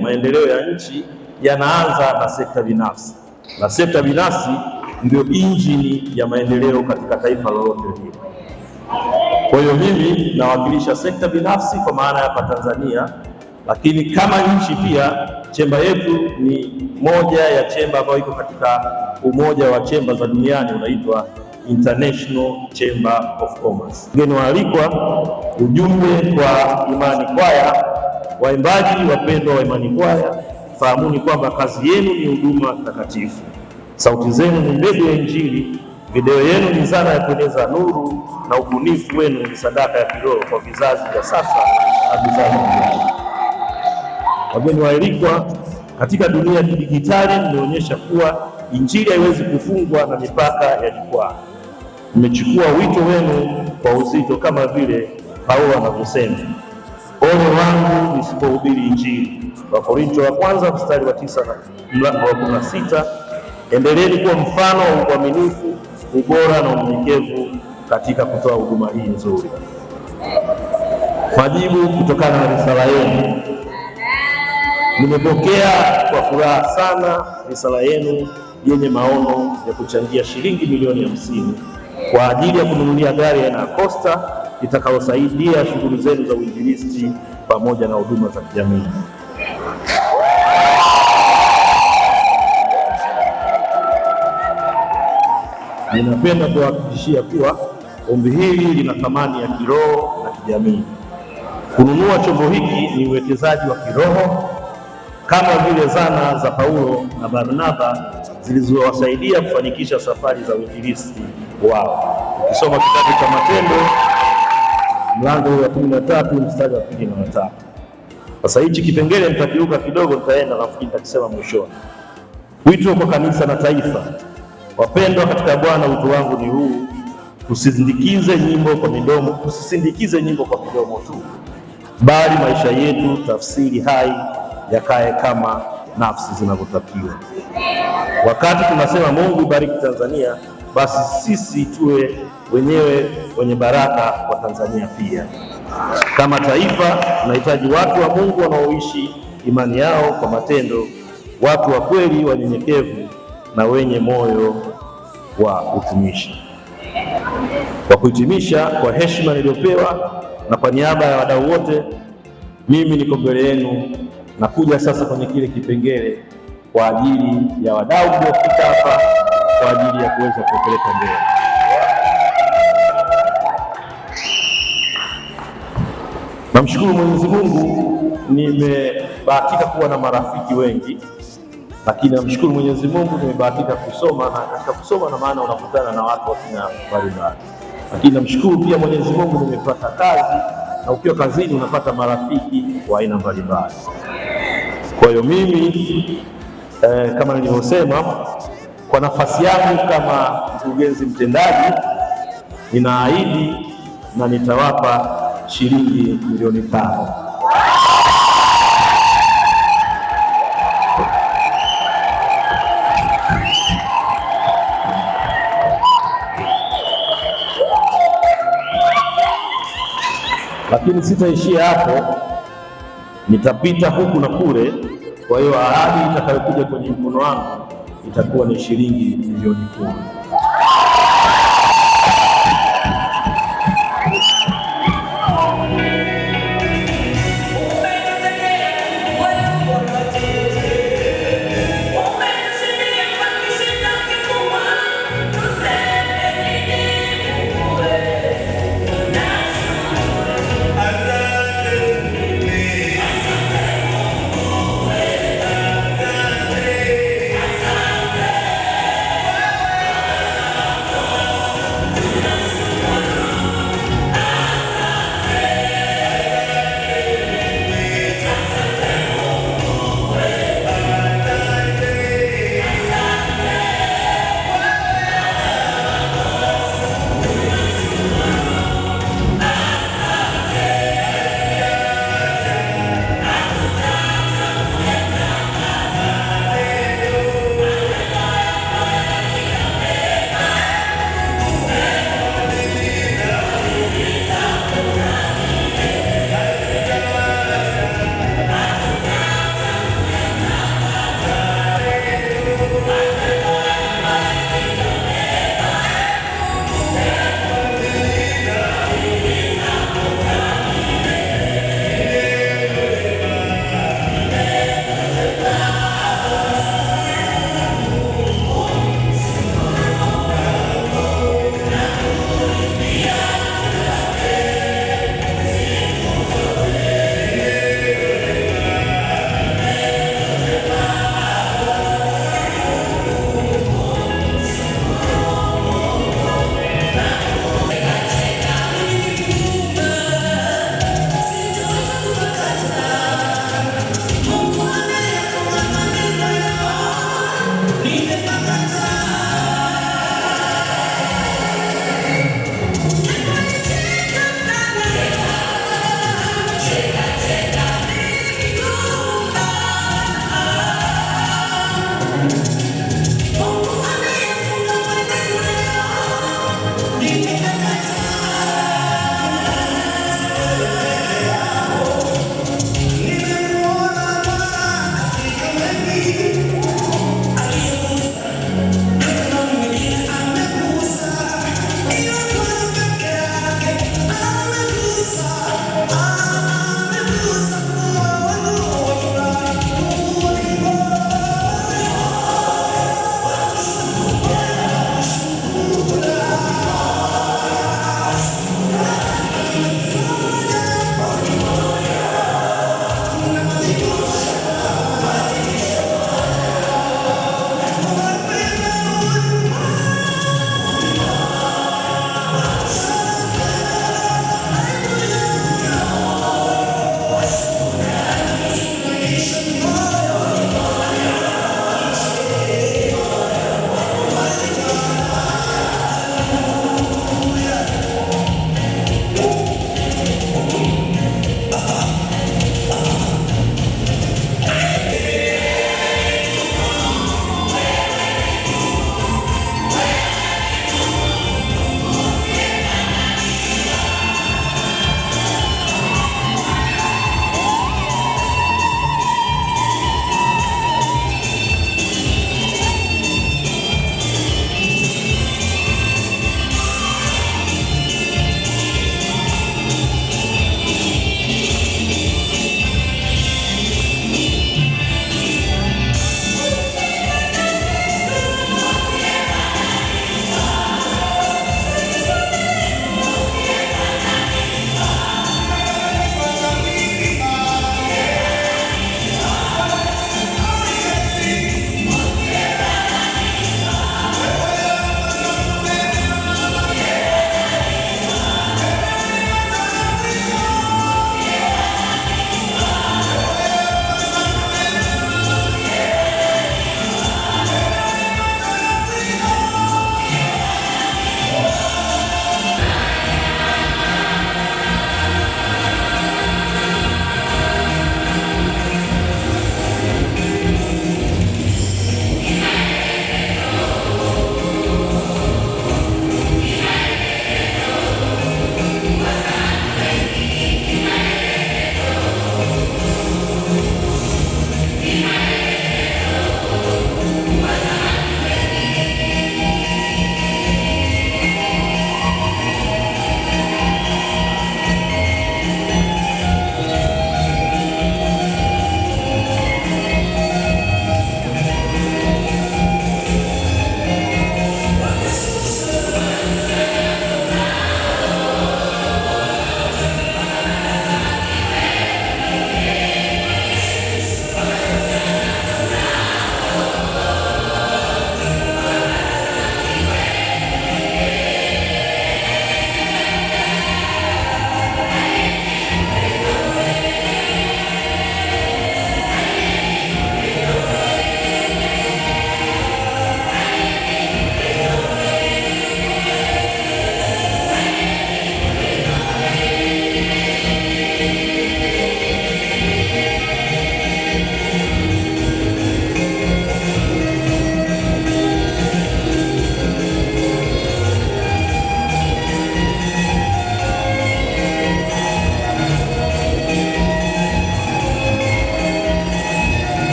Maendeleo ya nchi yanaanza na sekta binafsi, na sekta binafsi ndio injini ya maendeleo katika taifa lolote lile. Kwa hiyo mimi nawakilisha sekta binafsi kwa maana ya hapa Tanzania, lakini kama nchi pia, chemba yetu ni moja ya chemba ambayo iko katika umoja wa chemba za duniani unaitwa International Chamber of Commerce. Mgeni waalikwa, ujumbe kwa Imani Kwaya Waimbaji wapendwa wa Imani Kwaya, fahamuni kwamba kazi yenu ni huduma takatifu, sauti zenu ni mbegu ya Injili, video yenu ni zana ya kueneza nuru, na ubunifu wenu ni sadaka ya kiroho kwa vizazi vya sasa na vizazi vijavyo. Wageni waalikwa, katika dunia ya kidijitali mmeonyesha kuwa Injili haiwezi kufungwa na mipaka ya jukwaa. Mmechukua wito wenu kwa uzito kama vile Paulo anavyosema ole wangu nisipohubiri Injili. Wakorintho wa kwanza mstari wa tisa na wa kumi na sita. Endeleeni kuwa mfano wa uaminifu, ubora na unyenyekevu katika kutoa huduma hii nzuri. Majibu kutokana na risala yenu. Nimepokea kwa furaha sana risala yenu yenye maono ya kuchangia shilingi milioni hamsini kwa ajili ya kununulia gari aina ya Costa itakayosaidia shughuli zenu za uinjilisti pamoja na huduma za kijamii. Ninapenda kuwahakikishia kuwa ombi hili lina thamani ya kiroho na kijamii. Kununua chombo hiki ni uwekezaji wa kiroho, kama vile zana za Paulo na Barnaba zilizowasaidia kufanikisha safari za uinjilisti wao. Ukisoma kitabu cha Matendo mlango wa kumi na tatu mstari wa pili na watatu. Sasa hichi kipengele nitakiuka kidogo, nitaenda rafiki, nitakisema mwishoni. Wito kwa kanisa na taifa. Wapendwa katika Bwana, wito wangu ni huu, tusisindikize nyimbo kwa midomo, tusisindikize nyimbo kwa midomo tu, bali maisha yetu tafsiri hai yakae kama nafsi zinavyotakiwa. Wakati tunasema Mungu bariki Tanzania, basi sisi tuwe wenyewe wenye baraka wa Tanzania pia. Kama taifa tunahitaji watu wa Mungu wanaoishi imani yao kwa matendo, watu wa kweli, wanyenyekevu na wenye moyo wa utumishi. Kwa kuhitimisha, kwa heshima niliyopewa na kwa niaba ya wadau wote, mimi niko mbele yenu. Nakuja sasa kwenye kile kipengele kwa ajili ya wadau mliofika hapa kwa ajili ya kuweza kupeleka mbele Namshukuru Mwenyezi Mungu, nimebahatika kuwa na marafiki wengi, lakini namshukuru Mwenyezi Mungu, nimebahatika kusoma, na katika kusoma na maana unakutana na watu wakina mbalimbali, lakini namshukuru pia Mwenyezi Mungu, nimepata kazi, na ukiwa kazini unapata marafiki wa aina mbalimbali. Kwa hiyo mimi eh, kama nilivyosema, kwa nafasi yangu kama mkurugenzi mtendaji, ninaahidi na nitawapa shilingi milioni tano. Lakini sitaishia hapo, nitapita huku na kule. Kwa hiyo ahadi itakayokuja kwenye mkono wangu itakuwa ni shilingi milioni kumi.